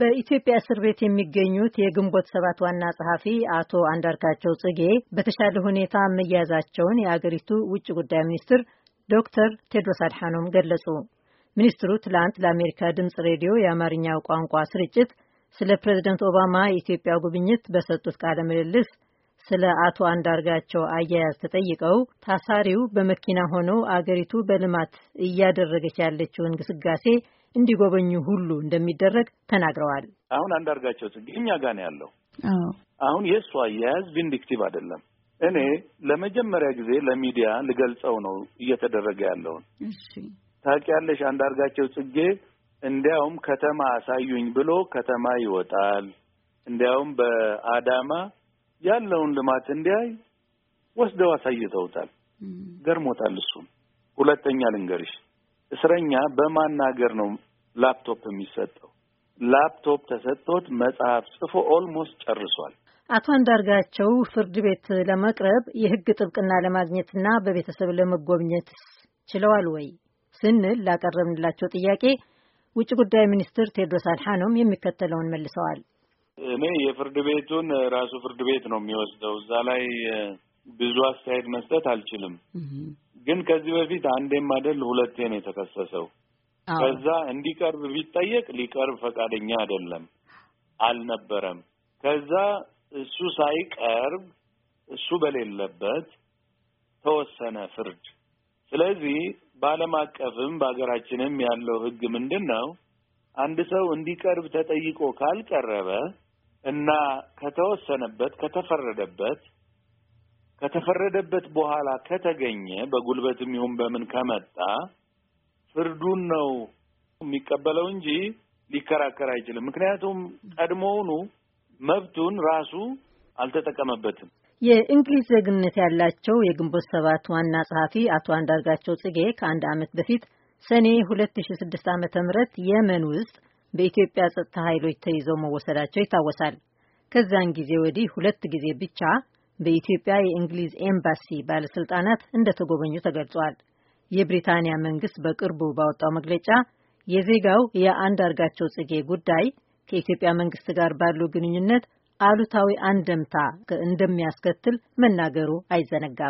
በኢትዮጵያ እስር ቤት የሚገኙት የግንቦት ሰባት ዋና ጸሐፊ አቶ አንዳርጋቸው ጽጌ በተሻለ ሁኔታ መያዛቸውን የአገሪቱ ውጭ ጉዳይ ሚኒስትር ዶክተር ቴድሮስ አድሓኖም ገለጹ። ሚኒስትሩ ትላንት ለአሜሪካ ድምፅ ሬዲዮ የአማርኛው ቋንቋ ስርጭት ስለ ፕሬዝደንት ኦባማ የኢትዮጵያ ጉብኝት በሰጡት ቃለ ምልልስ ስለ አቶ አንዳርጋቸው አያያዝ ተጠይቀው ታሳሪው በመኪና ሆነው አገሪቱ በልማት እያደረገች ያለችውን ግስጋሴ እንዲጎበኙ ሁሉ እንደሚደረግ ተናግረዋል። አሁን አንዳርጋቸው ጽጌ እኛ ጋ ነው ያለው። አሁን የእሱ አያያዝ ቪንዲክቲቭ አይደለም። እኔ ለመጀመሪያ ጊዜ ለሚዲያ ልገልጸው ነው እየተደረገ ያለውን። ታውቂያለሽ፣ አንዳርጋቸው ጽጌ እንዲያውም ከተማ አሳዩኝ ብሎ ከተማ ይወጣል። እንዲያውም በአዳማ ያለውን ልማት እንዲያይ ወስደው አሳይተውታል። ገርሞታል። እሱም ሁለተኛ ልንገርሽ፣ እስረኛ በማናገር ነው ላፕቶፕ የሚሰጠው። ላፕቶፕ ተሰጥቶት መጽሐፍ ጽፎ ኦልሞስት ጨርሷል። አቶ አንዳርጋቸው ፍርድ ቤት ለመቅረብ የህግ ጥብቅና ለማግኘትና በቤተሰብ ለመጎብኘት ችለዋል ወይ ስንል ላቀረብንላቸው ጥያቄ ውጭ ጉዳይ ሚኒስትር ቴዎድሮስ አድሓኖም የሚከተለውን መልሰዋል። እኔ የፍርድ ቤቱን ራሱ ፍርድ ቤት ነው የሚወስደው። እዛ ላይ ብዙ አስተያየት መስጠት አልችልም። ግን ከዚህ በፊት አንዴም አይደል ሁለቴ ነው የተከሰሰው። ከዛ እንዲቀርብ ቢጠየቅ ሊቀርብ ፈቃደኛ አይደለም፣ አልነበረም። ከዛ እሱ ሳይቀርብ እሱ በሌለበት ተወሰነ ፍርድ። ስለዚህ በዓለም አቀፍም በሀገራችንም ያለው ሕግ ምንድን ነው? አንድ ሰው እንዲቀርብ ተጠይቆ ካልቀረበ እና ከተወሰነበት ከተፈረደበት ከተፈረደበት በኋላ ከተገኘ በጉልበትም ይሁን በምን ከመጣ ፍርዱን ነው የሚቀበለው እንጂ ሊከራከር አይችልም። ምክንያቱም ቀድሞውኑ መብቱን ራሱ አልተጠቀመበትም። የእንግሊዝ ዜግነት ያላቸው የግንቦት ሰባት ዋና ጸሐፊ አቶ አንዳርጋቸው ጽጌ ከአንድ ዓመት በፊት ሰኔ ሁለት ሺ ስድስት የመን ውስጥ በኢትዮጵያ ጸጥታ ኃይሎች ተይዘው መወሰዳቸው ይታወሳል። ከዚያን ጊዜ ወዲህ ሁለት ጊዜ ብቻ በኢትዮጵያ የእንግሊዝ ኤምባሲ ባለስልጣናት እንደተጎበኙ ተገልጿል። የብሪታንያ መንግስት በቅርቡ ባወጣው መግለጫ የዜጋው የአንዳርጋቸው ጽጌ ጉዳይ ከኢትዮጵያ መንግስት ጋር ባለው ግንኙነት አሉታዊ አንደምታ እንደሚያስከትል መናገሩ አይዘነጋም።